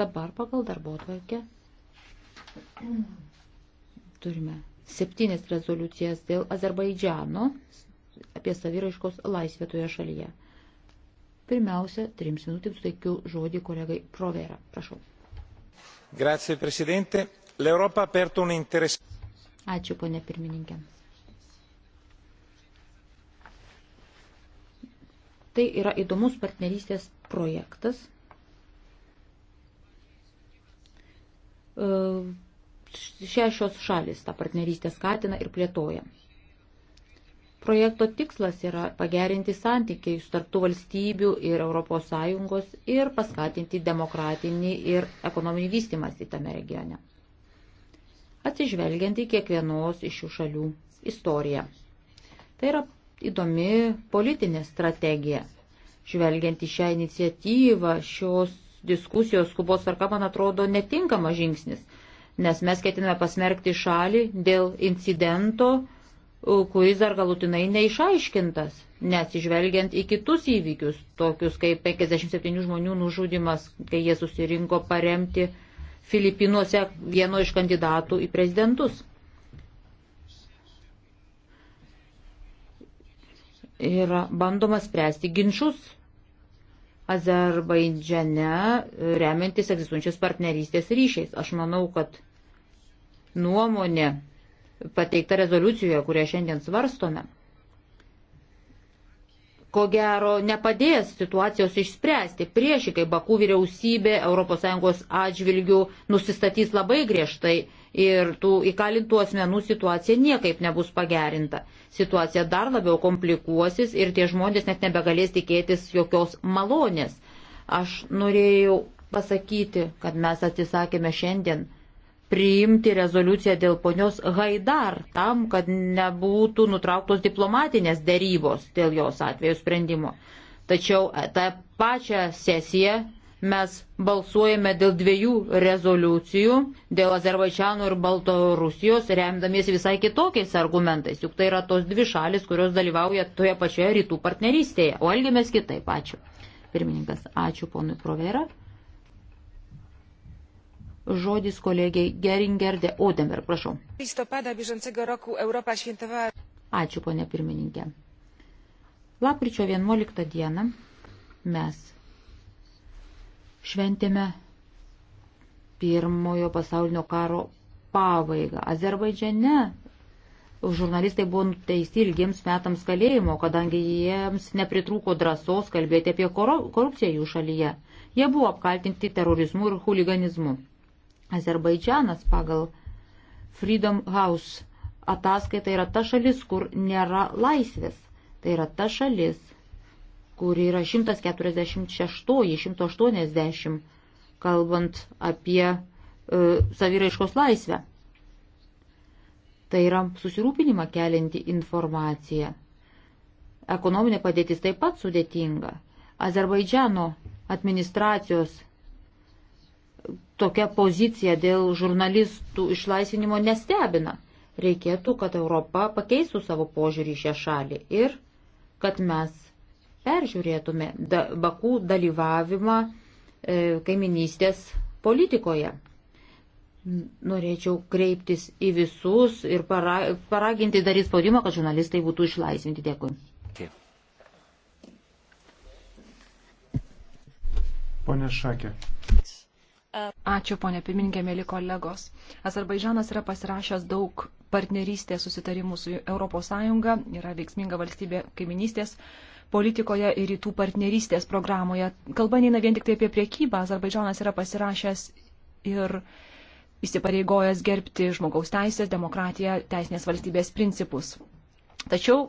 Dabar pagal darbo tvarkę turime septynis rezoliucijas dėl Azerbaidžiano apie saviraiškos laisvę toje šalyje. Pirmiausia, trims minutėms teikiu žodį kolegai Provera. Prašau. Grazie, Presidente. L'Europa ha aperto un interes... Ačiū, ponė pirmininkė. Tai yra įdomus partnerystės projektas E, šešios šalis tą partnerystę skatina ir plėtoja. Projekto tikslas yra pagerinti santykiai tarptų valstybių ir ES ir paskatinti demokratinį ir ekonominį vystimąsi tame regione. Atsižvelgiant į kiekvienos iš šių šalių istoriją. Tai yra įdomi politinė strategija. Žvelgiant į šią iniciatyvą, šios diskusijos skubos tvarka, man atrodo, netinkamas žingsnis, nes mes ketiname pasmerkti šalį dėl incidento, kuris dar galutinai neišaiškintas, nesižvelgiant į kitus įvykius, tokius kaip 57 žmonių nužudimas, kai jie susirinko paremti Filipinuose vieno iš kandidatų į prezidentus. Yra bandoma spręsti ginčius Azerbaidžiane e, remiantis egzistuojančios partnerystės ryšiais. Aš manau, kad nuomonė pateikta rezoliucijoje, kurią šiandien svarstome, ko gero nepadės situacijos išspręsti. Priešingai, Bakų vyriausybė ES atžvilgių nusistatys labai griežtai ir tų įkalintų asmenų situacija niekaip nebus pagerinta. Situacija dar labiau komplikuosis ir tie žmonės net nebegalės tikėtis jokios malonės. Aš norėjau pasakyti, kad mes atsisakėme šiandien priimti rezoliuciją dėl ponios Haidar, tam, kad nebūtų nutrauktos diplomatinės dėrybos dėl jos atveju sprendimo. Tačiau e, tą pačią sesiją mes balsuojame dėl dviejų rezoliucijų, dėl Azerbaidžiano ir Baltarusijos, remdamiesi visai kitokiais argumentais, juk tai yra tos dvi šalis, kurios dalyvauja toje pačioje rytų partnerystėje, o elgiamės kitaip. Ačiū. Pirmininkas, ačiū ponui Provera. Žodis kolegiai Geringerde Odenberg, prašau. Ačiū, ponė pirmininkė. Lapkričio 11 dieną mes šventėme pirmojo pasaulinio karo pabaigą. Azerbaidžiane žurnalistai buvo nuteisti ilgiems metams kalėjimo, kadangi jiems nepritrūko drąsos kalbėti apie korupciją jų šalyje. Jie buvo apkaltinti terorizmu ir huliganizmu. Azerbaidžianas pagal Freedom House ataskaita yra ta šalis, kur nėra laisvės. Tai yra ta šalis, kur yra 146-180, kalbant apie e, saviraiškos laisvę. Tai yra susirūpinimą kelinti informacija. Ekonominė padėtis taip pat sudėtinga. Azerbaidžiano administracijos tokia pozicija dėl žurnalistų išlaisvinimo nestebina. Reikėtų, kad Europa pakeistų savo požiūrį į šią šalį ir kad mes peržiūrėtume da, Bakų dalyvavimą e, kaiminystės politikoje. Norėčiau kreiptis į visus ir para, paraginti daryti spaudimą, kad žurnalistai būtų išlaisvinti. Dėkui. Pone Šakė. Ačiū, ponė pirmininkė, mėly kolegos. Azerbaidžanas yra pasirašęs daug partnerystės susitarimų su ES, yra veiksminga valstybė kaiminystės politikoje ir rytų partnerystės programoje. Kalba neina vien tik tai apie priekybą. Azerbaidžanas yra pasirašęs ir įsipareigojęs gerbti žmogaus teisės, demokratiją, teisinės valstybės principus. Tačiau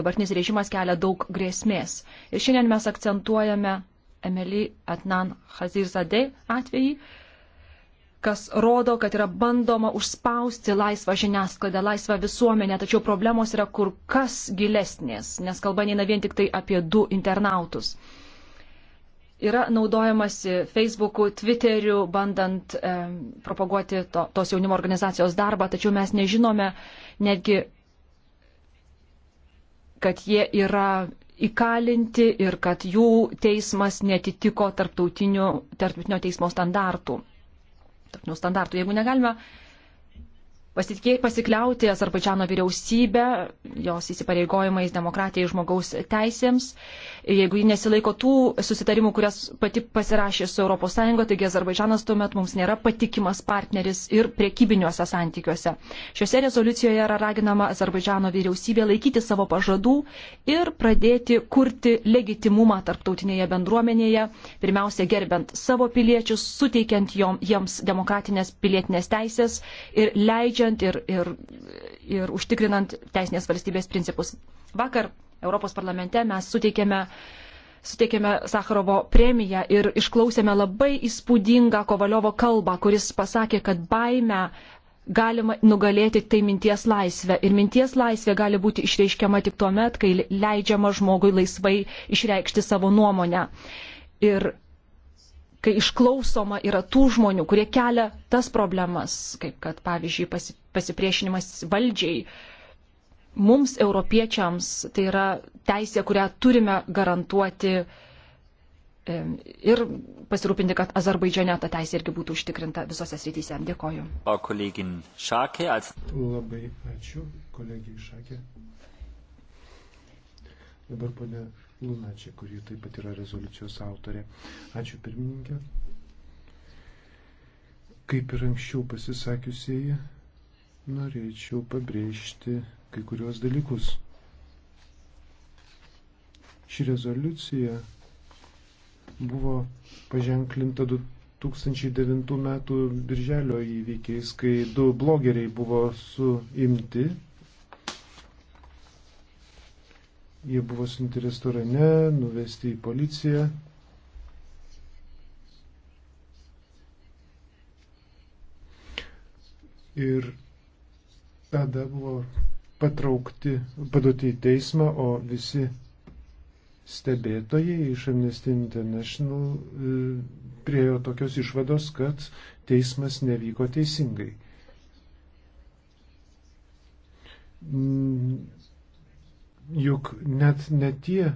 dabartinis režimas kelia daug grėsmės. Ir šiandien mes akcentuojame Emily Atnan Hazirzadeh atvejį, kas rodo, kad yra bandoma užspausti laisvą žiniasklaidą, laisvą visuomenę, tačiau problemos yra kur kas gilesnės, nes kalba neina vien tik tai apie du internautus. Yra naudojamasi Facebook'u, Twitter'iu, bandant e, propaguoti to, tos jaunimo organizacijos darbą, tačiau mes nežinome netgi kad jie yra įkalinti ir kad jų teismas netitiko tarptautinio, tarptautinio teismo standartų. Tarptautinio standartų. Jeigu negalime pasitikėjai pasikliauti Azerbaidžiano vyriausybę, jos įsipareigojimais demokratijai žmogaus teisėms. Jeigu ji nesilaiko tų susitarimų, kurias pati pasirašė su ES, taigi Azerbaidžanas tuomet mums nėra patikimas partneris ir priekybiniuose santykiuose. Šiuose rezoliucijoje yra raginama Azerbaidžano vyriausybė laikyti savo pažadų ir pradėti kurti legitimumą tarptautinėje bendruomenėje, pirmiausia gerbent savo piliečius, suteikiant jom, jiems demokratinės pilietinės teisės ir leidžiant baudžiant ir, ir, ir užtikrinant teisinės valstybės principus. Vakar Europos parlamente mes suteikėme, suteikėme Sakarovo premiją ir išklausėme labai įspūdingą Kovaliovo kalbą, kuris pasakė, kad baimę galima nugalėti tai minties laisvę. Ir minties laisvė gali būti išreiškiama tik tuo met, kai leidžiama žmogui laisvai išreikšti savo nuomonę. Ir kai išklausoma yra tų žmonių, kurie kelia tas problemas, kaip kad, pavyzdžiui, pasipriešinimas valdžiai. Mums, europiečiams, tai yra teisė, kurią turime garantuoti ir pasirūpinti, kad Azerbaidžiane ta teisė irgi būtų užtikrinta visose srityse. Dėkoju. O kolegin Šakė. Ats... Labai ačiū, kolegijai Šakė. Dabar ponia Lunačiai, kuri taip pat yra rezoliucijos autorė. Ačiū pirmininkė. Kaip ir anksčiau pasisakiusieji, norėčiau pabrėžti kai kuriuos dalykus. Ši rezoliucija buvo paženklinta 2009 m. birželio įvykiais, kai du blogeriai buvo suimti Jie buvo sunti restorane, nuvesti į policiją. Ir tada buvo patraukti, paduoti į teismą, o visi stebėtojai iš Amnesty International e, priejo tokios išvados, kad teismas nevyko teisingai. Mm, juk net ne tie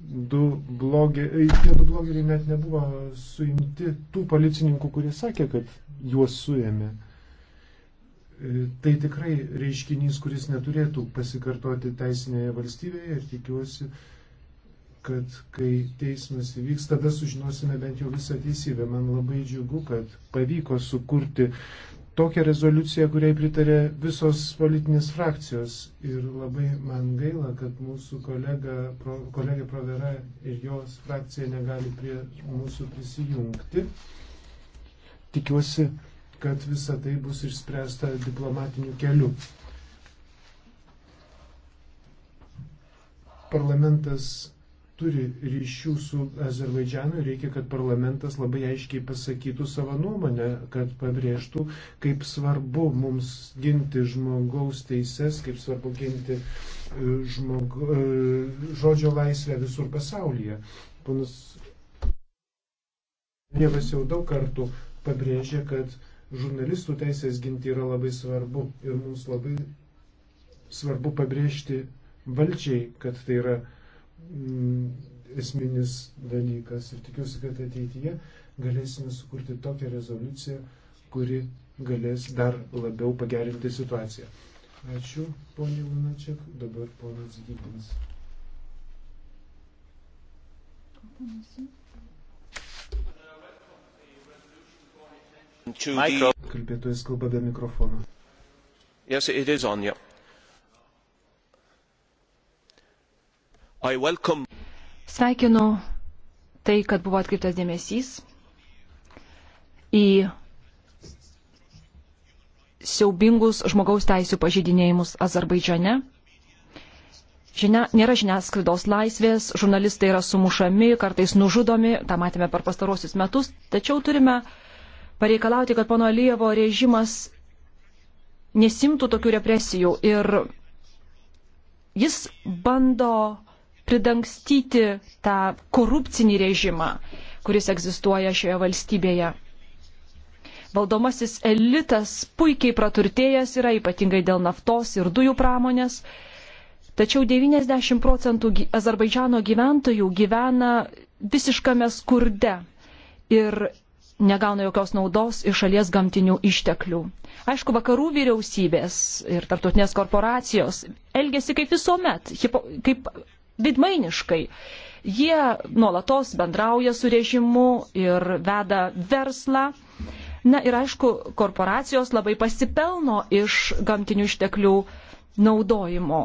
du, blogeriai, tie du blogeriai net nebuvo suimti tų policininkų, kurie sakė, kad juos suėmė. E, tai tikrai reiškinys, kuris neturėtų pasikartoti teisinėje valstybėje ir tikiuosi, kad kai teismas įvyks, tada sužinosime bent jau visą teisybę. Man labai džiugu, kad pavyko sukurti tokią rezoliuciją, kuriai pritarė visos politinės frakcijos. Ir labai man gaila, kad mūsų kolega, pro, kolegė Provera ir jos frakcija negali prie mūsų prisijungti. Tikiuosi, kad visa tai bus išspręsta diplomatiniu keliu. Parlamentas turi ryšių su Azerbaidžianu, reikia, kad parlamentas labai aiškiai pasakytų savo nuomonę, kad pabrėžtų, kaip svarbu mums ginti žmogaus teises, kaip svarbu ginti e, žmog... E, žodžio laisvę visur pasaulyje. Ponas Dievas jau daug kartų pabrėžė, kad žurnalistų teisės ginti yra labai svarbu ir mums labai svarbu pabrėžti valdžiai, kad tai yra Mm, esminis dalykas ir tikiuosi, kad ateityje galėsime sukurti tokią rezoliuciją, kuri galės dar labiau pagerinti situaciją. Ačiū, ponė Lunačiak, dabar ponas Gybins. Kalbėtojas kalba be mikrofono. Yes, it is on, yeah. Welcome... Sveikinu tai, kad buvo atkreiptas dėmesys į siaubingus žmogaus teisų pažydinėjimus Azerbaidžiane. Žinia, nėra žiniasklaidos laisvės, žurnalistai yra sumušami, kartais nužudomi, tą matėme per pastarosius metus, tačiau turime pareikalauti, kad pono Lievo režimas nesimtų tokių represijų ir jis bando pridangstyti tą korupcinį režimą, kuris egzistuoja šioje valstybėje. Valdomasis elitas puikiai praturtėjęs yra, ypatingai dėl naftos ir dujų pramonės. Tačiau 90 procentų Azerbaidžiano gyventojų gyvena visiškame skurde ir negauna jokios naudos iš šalies gamtinių išteklių. Aišku, vakarų vyriausybės ir tartutinės korporacijos elgesi kaip visuomet, hipo, kaip vidmainiškai. Jie nuolatos bendrauja su režimu ir veda verslą. Na ir aišku, korporacijos labai pasipelno iš gamtinių išteklių naudojimo.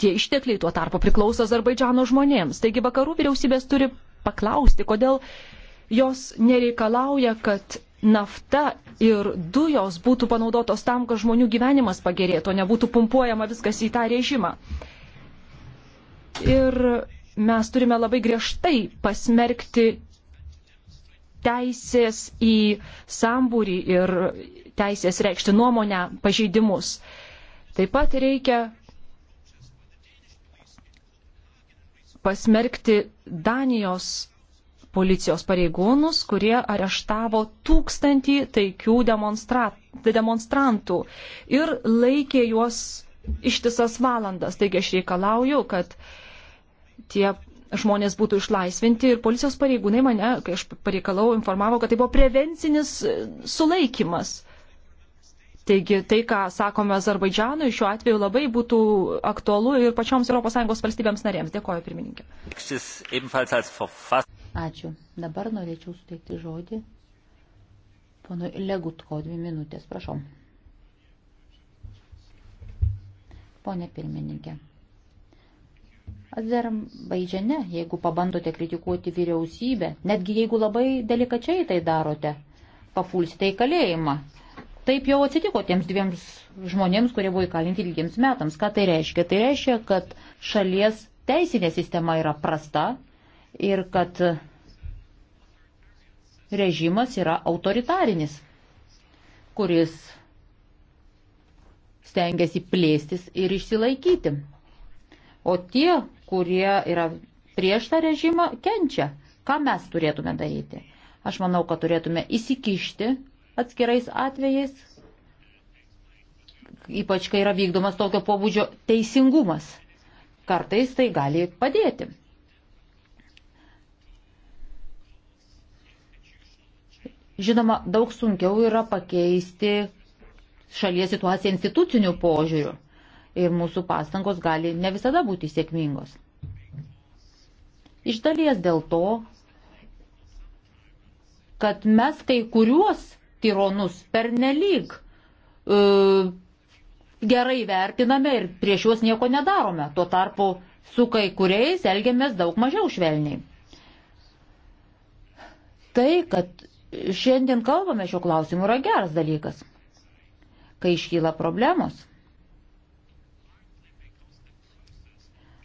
Tie ištekliai tuo tarpu priklauso Azerbaidžiano žmonėms. Taigi vakarų vyriausybės turi paklausti, kodėl jos nereikalauja, kad nafta ir dujos būtų panaudotos tam, kad žmonių gyvenimas pagerėtų, nebūtų pumpuojama viskas į tą režimą ir mes turime labai griežtai pasmerkti teisės į sambūrį ir teisės reikšti nuomonę pažeidimus. Taip pat reikia pasmerkti Danijos policijos pareigūnus, kurie areštavo tūkstantį taikių demonstra demonstrantų ir laikė juos ištisas valandas. Taigi aš reikalauju, kad uh, tie žmonės būtų išlaisvinti ir policijos pareigūnai mane, kai aš pareikalau, informavo, kad tai buvo prevencinis e, sulaikimas. Taigi tai, ką sakome Azerbaidžianui, šiuo atveju labai būtų aktualu ir pačioms ES valstybėms narėms. Dėkoju, pirmininkė. Ačiū. Dabar norėčiau suteikti žodį ponui Legutko dvi minutės. Prašom. Pone pirmininkė. Azerbaidžiane, jeigu pabandote kritikuoti vyriausybę, netgi jeigu labai delikačiai tai darote, papulsite į kalėjimą. Taip jau atsitiko tiems dviems žmonėms, kurie buvo įkalinti ilgiems metams. Ką tai reiškia? Tai reiškia, kad šalies teisinė sistema yra prasta ir kad režimas yra autoritarinis, kuris stengiasi plėstis ir išsilaikyti. O tie, kurie yra prieš tą režimą, kenčia. Ką mes turėtume daryti? Aš manau, kad turėtume įsikišti atskirais atvejais, ypač kai yra vykdomas tokio pobūdžio teisingumas. Kartais tai gali padėti. Žinoma, daug sunkiau yra pakeisti šalies situaciją institucinių požiūrių ir mūsų pastangos gali ne visada būti sėkmingos. Iš dalies dėl to, kad mes kai kuriuos tironus pernelyg e, gerai vertiname ir prieš juos nieko nedarome. Tuo tarpu su kai kuriais elgiamės daug mažiau švelniai. Tai, kad šiandien kalbame šio klausimu, yra geras dalykas. Kai iškyla problemos,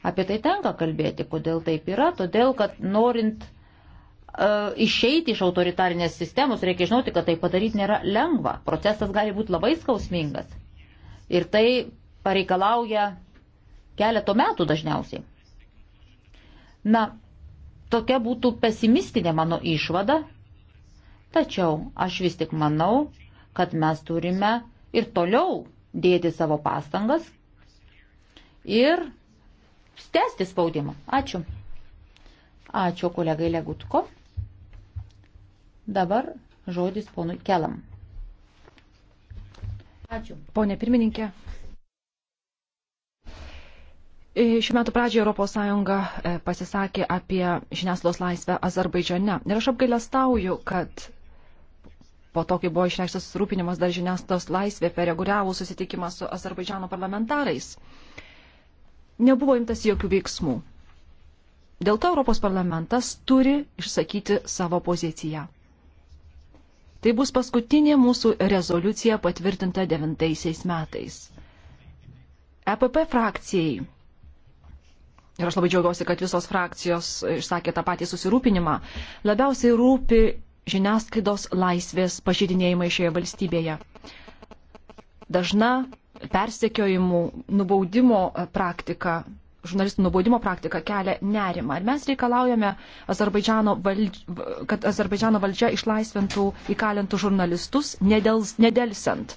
Apie tai tenka kalbėti, kodėl taip yra, todėl kad norint e, išeiti iš autoritarinės sistemos, reikia žinoti, kad tai padaryti nėra lengva. Procesas gali būti labai skausmingas. Ir tai pareikalauja keleto metų dažniausiai. Na, tokia būtų pesimistinė mano išvada, tačiau aš vis tik manau, kad mes turime ir toliau dėti savo pastangas ir tęsti spaudimą. Ačiū. Ačiū kolegai Legutko. Dabar žodis ponui Kelam. Ačiū. Pone pirmininkė. Šių metų pradžioje ES e, pasisakė apie žiniasklaidos laisvę Azerbaidžiane. Ir aš apgailestauju, kad po to, kai buvo išreikštas susirūpinimas dar žiniasklaidos laisvė per reguliavų susitikimą su Azerbaidžiano parlamentarais nebuvo imtas jokių veiksmų. Dėl to Europos parlamentas turi išsakyti savo poziciją. Tai bus paskutinė mūsų rezoliucija patvirtinta devintaisiais metais. EPP frakcijai. Ir aš labai džiaugiuosi, kad visos frakcijos išsakė tą patį susirūpinimą. Labiausiai rūpi žiniasklaidos laisvės pažydinėjimai šioje valstybėje. Dažna persekiojimų, nubaudimo e, praktika, žurnalistų nubaudimo praktika kelia nerimą. Ar mes reikalaujame, Azerbaidžiano valdž... kad Azerbaidžiano valdžia išlaisvintų įkalintų žurnalistus nedels... nedelsiant?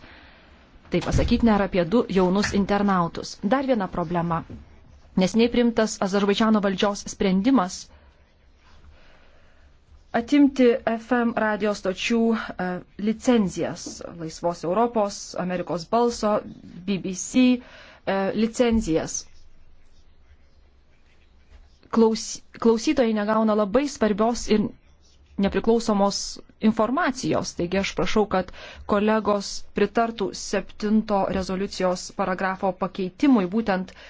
Tai pasakyti nėra apie du jaunus internautus. Dar viena problema. Nesnei primtas Azerbaidžiano valdžios sprendimas atimti FM radio stočių e, licenzijas Laisvos Europos, Amerikos balso, BBC e, licenzijas. Klaus, klausytojai negauna labai svarbios ir nepriklausomos informacijos. Taigi aš prašau, kad kolegos pritartų septinto rezoliucijos paragrafo pakeitimui, būtent uh,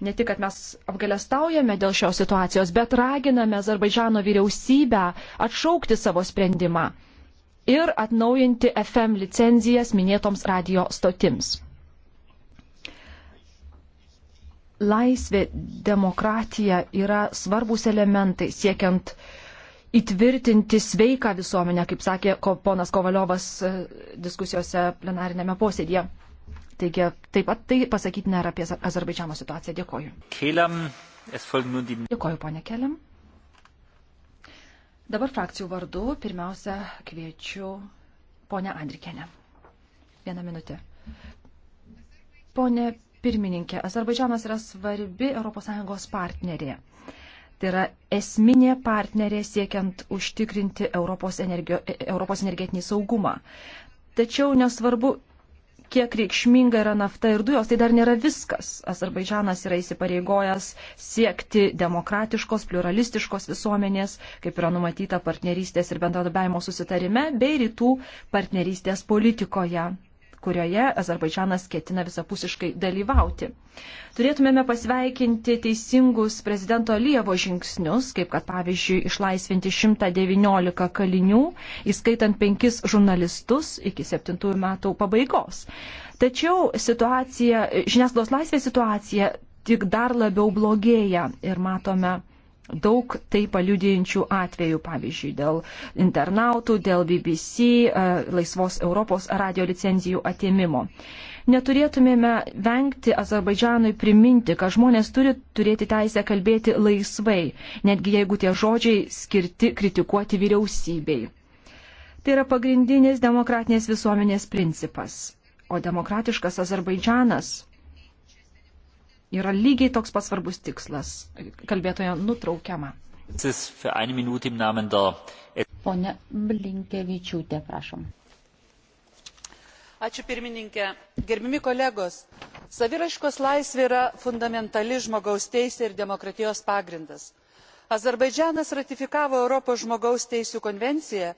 ne tik, kad mes apgalestaujame dėl šios situacijos, bet raginame Azerbaidžano vyriausybę atšaukti savo sprendimą ir atnaujinti FM licenzijas minėtoms radio stotims. Laisvė, demokratija yra svarbus elementai siekiant įtvirtinti sveiką visuomenę, kaip sakė ponas Kovaliovas e, diskusijose plenarinėme posėdėje. Taigi taip pat tai pasakyti nėra apie Azerbaidžiamo situaciją. Dėkoju. Kėlėm, die... Dėkoju, ponė Keliam. Dabar frakcijų vardu pirmiausia kviečiu ponę Andrikenę. Vieną minutę. Pone pirmininkė, Azerbaidžianas yra svarbi ES partnerė. Tai yra esminė partnerė siekiant užtikrinti Europos, energio, Europos energetinį saugumą. Tačiau nesvarbu, kiek reikšminga yra nafta ir dujos, tai dar nėra viskas. Azerbaidžanas yra įsipareigojęs siekti demokratiškos, pluralistiškos visuomenės, kaip yra numatyta partnerystės ir bendradarbiajimo susitarime, bei rytų partnerystės politikoje kurioje Azerbaidžanas ketina visapusiškai dalyvauti. Turėtumėme pasveikinti teisingus prezidento Lievo žingsnius, kaip kad pavyzdžiui išlaisvinti 119 kalinių, įskaitant penkis žurnalistus iki septintųjų metų pabaigos. Tačiau situacija, žiniasklaidos laisvės situacija tik dar labiau blogėja ir matome daug tai paliudėjančių atvejų, pavyzdžiui, dėl internautų, dėl BBC, e, laisvos Europos radio licenzijų atėmimo. Neturėtumėme vengti Azerbaidžianui priminti, kad žmonės turi turėti teisę kalbėti laisvai, netgi jeigu tie žodžiai skirti kritikuoti vyriausybei. Tai yra pagrindinis demokratinės visuomenės principas. O demokratiškas Azerbaidžanas yra lygiai toks pats svarbus tikslas. Kalbėtoje nutraukiama. Pone Blinkevičiūtė, prašom. Ačiū pirmininkė. Gerbimi kolegos, saviraiškos laisvė yra fundamentali žmogaus teisė ir demokratijos pagrindas azerbaidžanas ratifikavo europos žmogaus teisių konvenciją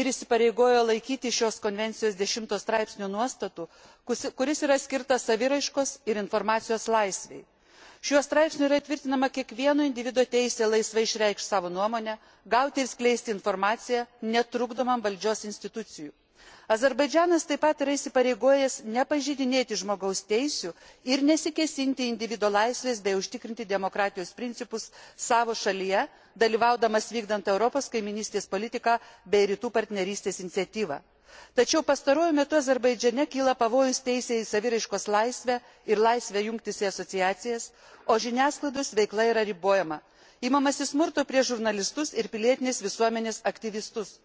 ir įsipareigojo laikytis šios konvencijos ten straipsnio nuostatų kuris yra skirtas saviraiškos ir informacijos laisvei. šiuo straipsniu yra įtvirtinama kiekvieno individo teisė laisvai išreikšti savo nuomonę gauti ir skleisti informaciją netrukdomam valdžios institucijų azerbaidžanas taip pat yra įsipareigojęs nepažeidinėti žmogaus teisių ir nesikėsinti į individo laisves bei užtikrinti demokratijos principus savo šalyje dalyvaudamas vykdant europos kaimynystės politiką bei rytų partnerystės iniciatyvą. tačiau pastaruoju metu azerbaidžane kyla pavojus teisei į saviraiškos laisvę ir laisvę jungtis į asociacijas o žiniasklaidos veikla yra ribojama imamasi smurto prieš žurnalistus ir pilietinės visuomenės aktyvistus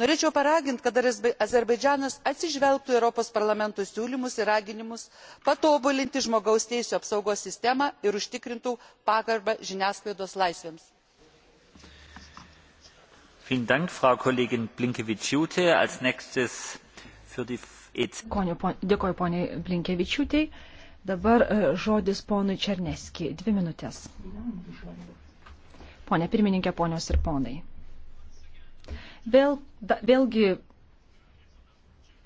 norėčiau paraginti kad azerbaidžanas atsižvelgtų į europos parlamento siūlymus ir raginimus patobulinti žmogaus teisių apsaugos sistemą ir užtikrintų pagarbą žiniasklaidos laisvėms. E dėkoju poniai blinkevičiūtei. Dabar e, žodis ponui Černeski. Dvi minutės. Pone pirmininkė, ponios ir ponai. Vėl, da, vėlgi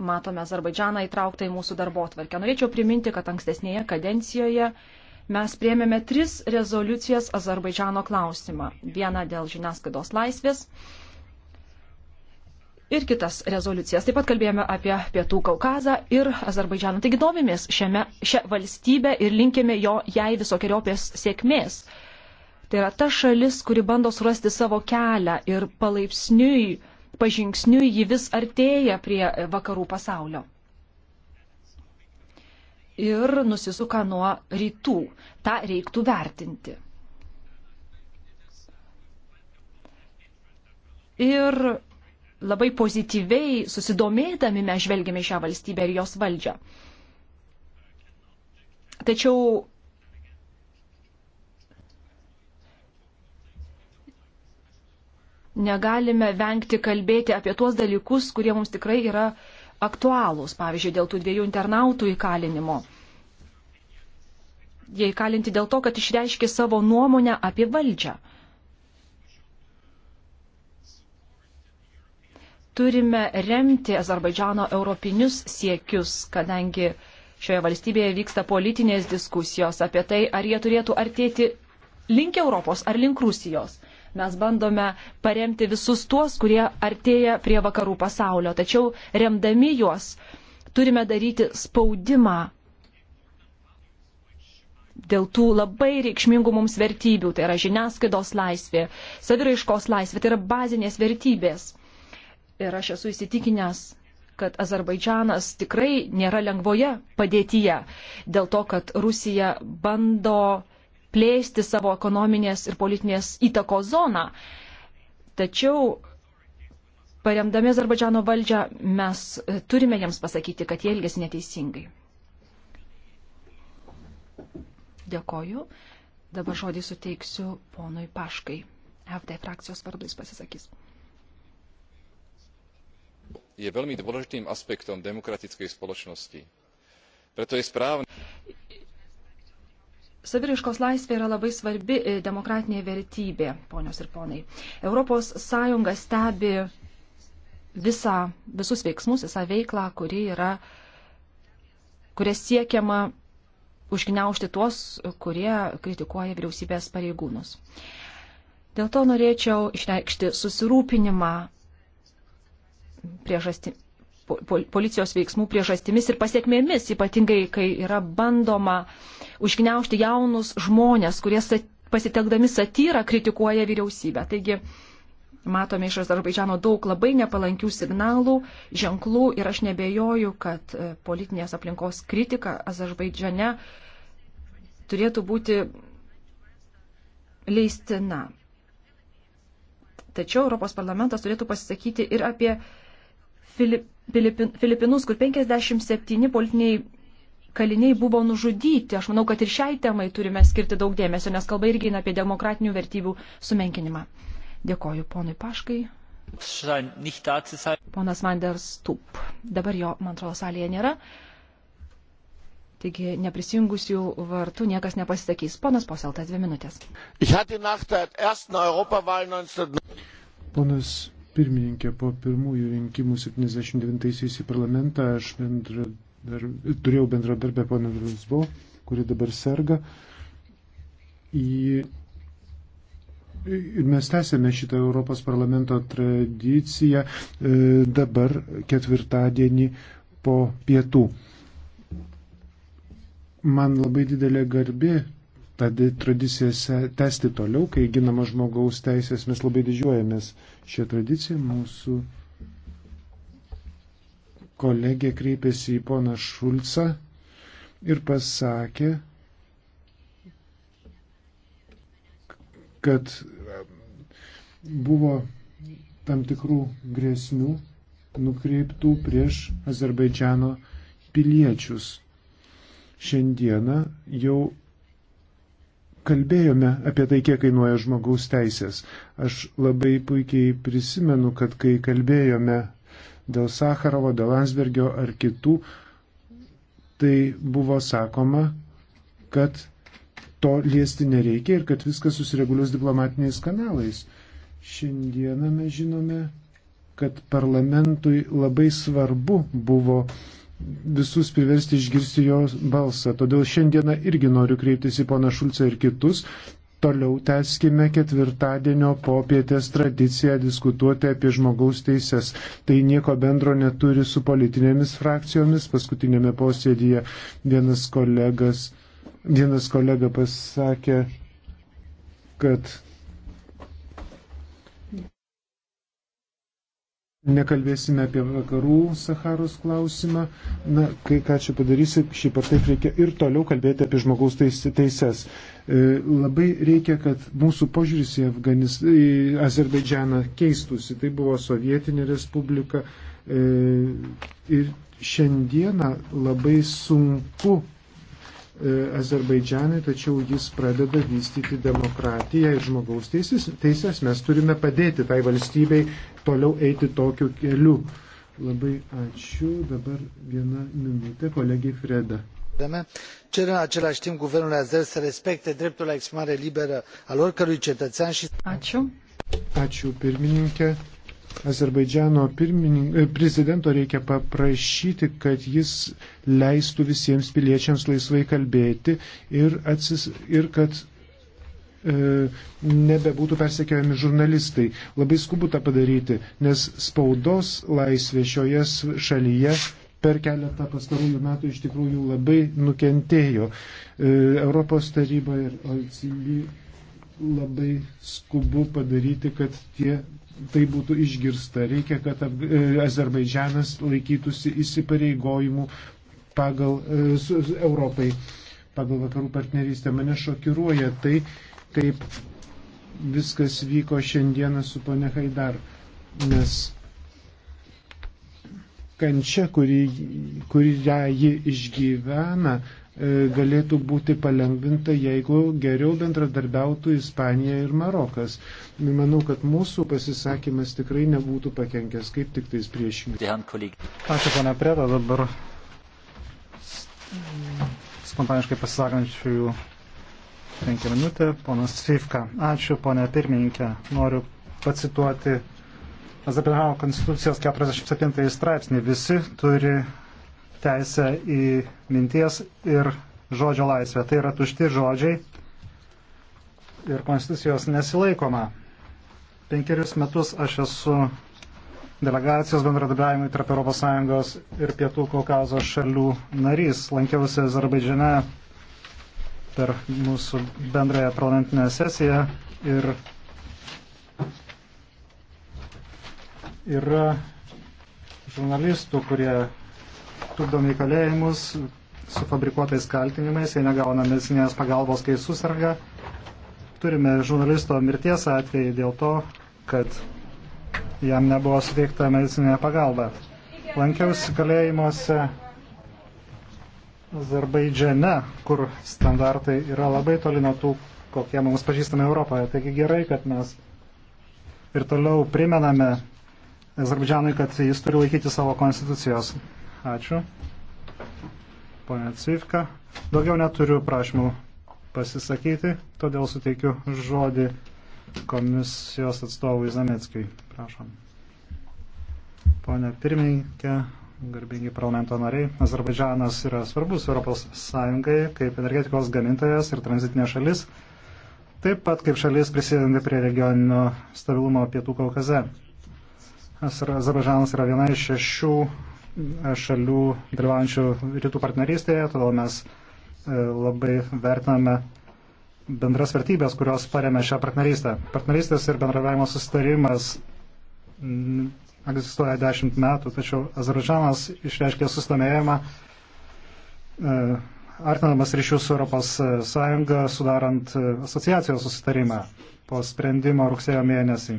matome Azerbaidžaną įtrauktą į mūsų darbo atvarkę. Norėčiau priminti, kad ankstesnėje kadencijoje mes priemėme tris rezoliucijas Azerbaidžano klausimą. Vieną dėl žiniasklaidos laisvės ir kitas rezoliucijas. Taip pat kalbėjome apie Pietų Kaukazą ir Azerbaidžaną. Taigi domimės šiame, šią valstybę ir linkėme jo, jai visokiojopės sėkmės. Tai yra ta šalis, kuri bando surasti savo kelią ir palaipsniui pažingsniui ji vis artėja prie e, vakarų pasaulio. Ir nusisuka nuo rytų. Ta reiktų vertinti. Ir labai pozityviai susidomėdami mes žvelgiame šią valstybę ir jos valdžią. Tačiau negalime vengti kalbėti apie tuos dalykus, kurie mums tikrai yra aktualūs, pavyzdžiui, dėl tų dviejų internautų įkalinimo. Jie įkalinti dėl to, kad išreiškė savo nuomonę apie valdžią. Turime remti Azerbaidžiano europinius siekius, kadangi šioje valstybėje vyksta politinės diskusijos apie tai, ar jie turėtų artėti link Europos ar link Rusijos. Mes bandome paremti visus tuos, kurie artėja prie vakarų pasaulio. Tačiau remdami juos turime daryti spaudimą dėl tų labai reikšmingų mums vertybių. Tai yra žiniasklaidos laisvė, saviraiškos laisvė, tai yra bazinės vertybės. Ir aš esu įsitikinęs, kad Azerbaidžanas tikrai nėra lengvoje padėtyje dėl to, kad Rusija bando plėsti savo ekonominės ir politinės įtakos zoną. Tačiau paremdami Azerbaidžiano valdžią mes e, turime jiems pasakyti, kad jie elgesi neteisingai. Dėkoju. Dabar žodį suteiksiu ponui Paškai. FD frakcijos vardu jis pasisakys. Je veľmi dôležitým aspektom demokratickej spoločnosti. Preto je správne... Saviriškos laisvė yra labai svarbi e, demokratinė vertybė, ponios ir ponai. ES stebi visą, visus veiksmus, visą veiklą, kuri yra, kuria siekiama užgniaušti tuos, kurie kritikuoja vyriausybės pareigūnus. Dėl to norėčiau išreikšti susirūpinimą priežasti, policijos veiksmų priežastimis ir pasiekmėmis, ypatingai kai yra bandoma užgneušti jaunus žmonės, kurie pasitelkdami satyrą kritikuoja vyriausybę. Taigi matome iš Azerbaidžiano daug labai nepalankių signalų, ženklų ir aš nebejoju, kad e, politinės aplinkos kritika Azerbaidžiane turėtų būti leistina. Tačiau Europos parlamentas turėtų pasisakyti ir apie Filip, Filipin, Filipinus, kur 57 politiniai kaliniai buvo nužudyti. Aš manau, kad ir šiai temai turime skirti daug dėmesio, nes kalba irgi eina apie demokratinių vertybių sumenkinimą. Dėkoju ponui Paškai. Ponas Vanders Tup. Dabar jo, man atrodo, salėje nėra. Taigi neprisijungusių vartų niekas nepasisakys. Ponas Poseltas, dvi minutės. Ponas pirmininkė, po pirmųjų rinkimų 79-aisiais į parlamentą aš bendra, dar, turėjau bendradarbę poną Drusbo, kuri dabar serga. Į, ir mes tęsėme šitą Europos parlamento tradiciją e, dabar ketvirtadienį po pietų. Man labai didelė garbė tradicijas tęsti toliau, kai ginama žmogaus teisės, mes labai didžiuojamės šią tradiciją. Mūsų kolegė kreipėsi į poną Šulcą ir pasakė, kad um, buvo tam tikrų grėsmių nukreiptų prieš Azerbaidžiano piliečius. Šiandieną jau kalbėjome apie tai, kiek kainuoja žmogaus teisės. Aš labai puikiai prisimenu, kad kai kalbėjome dėl Sakarovo, dėl Ansbergio ar kitų, tai buvo sakoma, kad to liesti nereikia ir kad viskas susireguliuos diplomatiniais kanalais. Šiandieną mes žinome, kad parlamentui labai svarbu buvo visus priversti išgirsti jo balsą. Todėl šiandieną irgi noriu kreiptis į poną Šulcą ir kitus. Toliau tęskime ketvirtadienio popietės tradiciją diskutuoti apie žmogaus teises. Tai nieko bendro neturi su politinėmis frakcijomis. Paskutinėme posėdėje vienas, kolegas, vienas kolega pasakė, kad Nekalbėsime apie vakarų Saharos klausimą. Na, kai ką čia padarysi, šiaip ar taip reikia ir toliau kalbėti apie žmogaus teises. E, labai reikia, kad mūsų požiūris į, Afganis, į Azerbaidžianą keistųsi. Tai buvo Sovietinė Respublika. E, ir šiandieną labai sunku E, Azerbaidžianui, tačiau jis pradeda vystyti demokratiją ir žmogaus teisės. teisės. Mes turime padėti tai valstybei toliau eiti tokiu keliu. Labai ačiū. Dabar viena minutė kolegiai Freda. Cerem în același timp guvernului azer să respecte dreptul la exprimare liberă al oricărui cetățean și. Ačiū. Ačiū pirmininkė. Azerbaidžiano e, prezidento reikia paprašyti, kad jis leistų visiems piliečiams laisvai kalbėti ir, atsis, ir kad e, nebebūtų persekiojami žurnalistai. Labai skubu tą padaryti, nes spaudos laisvė šioje šalyje per keletą pastarųjų metų iš tikrųjų labai nukentėjo. E, Europos taryba ir OECD labai skubu padaryti, kad tie tai būtų išgirsta. Reikia, kad e, Azerbaidžianas laikytųsi įsipareigojimų pagal e, su, su Europai, pagal vakarų partnerystę. Mane šokiruoja tai, kaip viskas vyko šiandieną su ponia Haidar, nes kančia, kurį, kurią ji išgyvena, E, galėtų būti palengvinta, jeigu geriau bendradarbiautų Ispanija ir Marokas. Manau, kad mūsų pasisakymas tikrai nebūtų pakenkęs, kaip tik tais priešingai. Ačiū, ponia Prėda, dabar spontaniškai pasisakančiųjų penkią minutę, ponas Svifka. Ačiū, ponia pirmininkė. Noriu pacituoti Azerbaidžano konstitucijos 47 straipsnį. Visi turi teisę į minties ir žodžio laisvę. Tai yra tušti žodžiai ir konstitucijos nesilaikoma. Penkerius metus aš esu delegacijos bendradarbiavimui tarp ES ir Pietų Kaukazo šalių narys. Lankiausi Azerbaidžiane per mūsų bendrąją parlamentinę sesiją ir yra žurnalistų, kurie tupdomi į kalėjimus su fabrikuotais kaltinimais, jie negauna medicinės pagalbos, kai susirga. Turime žurnalisto mirties atvejį dėl to, kad jam nebuvo suteikta medicinė pagalba. Lankiausi kalėjimuose Azerbaidžiane, kur standartai yra labai toli nuo tų, kokie mums pažįstame Europoje. Taigi gerai, kad mes ir toliau primename Azerbaidžianui, kad jis turi laikyti savo konstitucijos. Ačiū. Pone Civka. Daugiau neturiu prašymų pasisakyti, todėl suteikiu žodį komisijos atstovui Zametskijui. Prašom. Pone pirmininkė, garbingi parlamento nariai, Azerbaidžanas yra svarbus ES kaip energetikos gamintojas ir tranzitinė šalis, taip pat kaip šalis prisidedanti prie regioninio stabilumo Pietų Kaukaze. Azerbaidžanas yra viena iš šešių šalių dalyvaujančių rytų partnerystėje, todėl mes e, labai vertiname bendras vertybės, kurios paremė šią partnerystę. Partnerystės ir bendradavimo sustarimas egzistuoja dešimt metų, tačiau Azerbaidžanas išreiškė sustamėjimą e, artinamas ryšius su Europos Sąjunga, sudarant e, asociacijos susitarimą po sprendimo rugsėjo mėnesį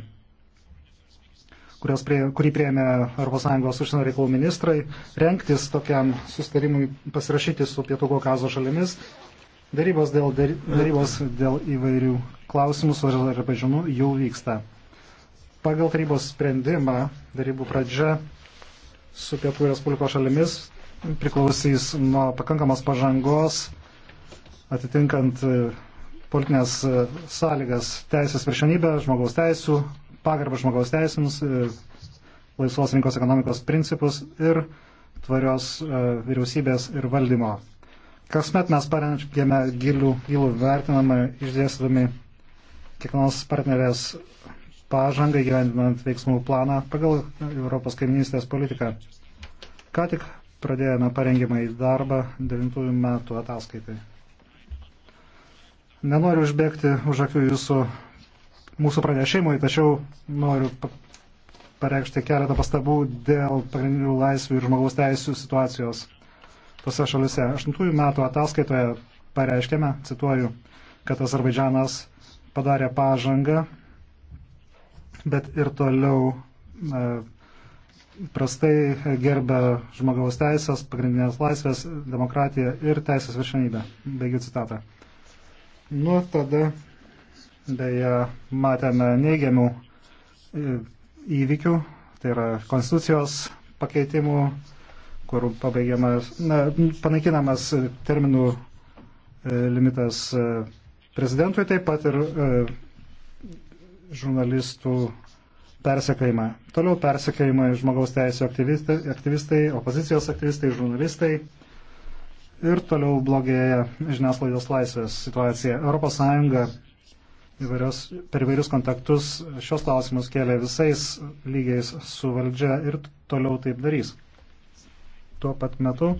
kurios prie, kurį prieėmė ES užsienio reikalų ministrai, renktis tokiam sustarimui pasirašyti su Pietų Kaukazo šalimis. Darybos dėl, darybos dėl įvairių klausimų su Azerbaidžanu jau vyksta. Pagal tarybos sprendimą darybų pradžia su Pietų Respublikos šalimis priklausys nuo pakankamos pažangos atitinkant e, politinės e, sąlygas teisės viršenybę, žmogaus teisų pagarbą žmogaus teisėms, e, laisvos rinkos ekonomikos principus ir tvarios e, vyriausybės ir valdymo. Kasmet mes parengėme gilių gilų vertinamą išdėstydami kiekvienos partnerės pažangą gyvendinant veiksmų planą pagal Europos kaiminystės politiką. Ką tik pradėjome parengimą į darbą 9 metų ataskaitai. Nenoriu užbėgti už akių jūsų mūsų pranešimui, tačiau noriu pareikšti keletą pastabų dėl pagrindinių laisvių ir žmogaus teisų situacijos tose šalise. 8 metų ataskaitoje pareiškėme, cituoju, kad Azerbaidžanas padarė pažangą, bet ir toliau e, prastai gerbė žmogaus teisės, pagrindinės laisvės, demokratiją ir teisės viršenybę. Baigiu citatą. Nuo tada Beje, matėme neigiamų e, įvykių, tai yra konstitucijos pakeitimų, kur pabaigiamas, na, panaikinamas terminų e, limitas e, prezidentui taip pat ir žurnalistų persekėjimą. Toliau persekėjimą žmogaus teisų aktyvistai, aktyvistai, opozicijos aktyvistai, žurnalistai. Ir toliau blogėja žiniasklaidos laisvės situacija. ES įvairios, per įvairius kontaktus šios klausimus kėlė visais lygiais su valdžia ir toliau taip darys. Tuo pat metu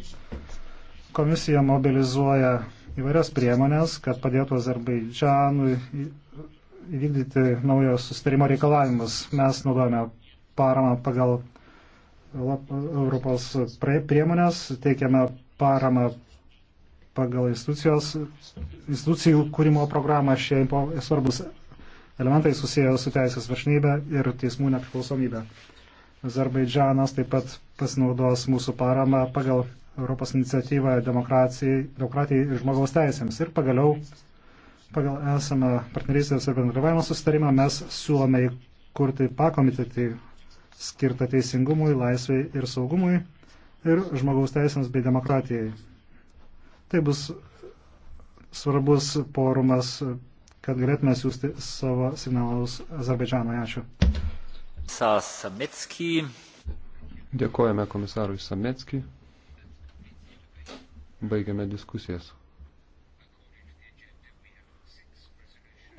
komisija mobilizuoja įvairias priemonės, kad padėtų Azerbaidžianui įvykdyti naujo sustarimo reikalavimus. Mes naudojame paramą pagal Europos priemonės, teikiame paramą pagal institucijų kūrimo programą šie svarbus elementai susiję su teisės viršnybė ir teismų nepriklausomybė. Azerbaidžanas taip pat pasinaudos mūsų paramą pagal Europos iniciatyvą demokratijai, demokratijai ir žmogaus teisėms. Ir pagaliau, pagal esamą partnerystės ir bendravimo sustarimą mes siūlome įkurti pakomitetį skirtą teisingumui, laisvai ir saugumui ir žmogaus teisėms bei demokratijai. Tai bus svarbus porumas, kad galėtume siūsti savo signalus Azerbaidžianui. Ačiū. Dėkojame komisarui Sametskijui. Baigiame diskusijas.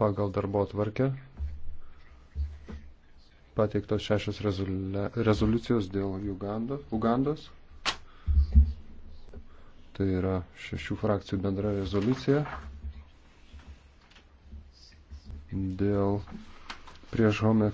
Pagal darbo atvarkę pateiktos šešios rezoliucijos dėl Ugando, Ugandos. Tai yra šešių frakcijų bendra rezoliucija dėl prieš homo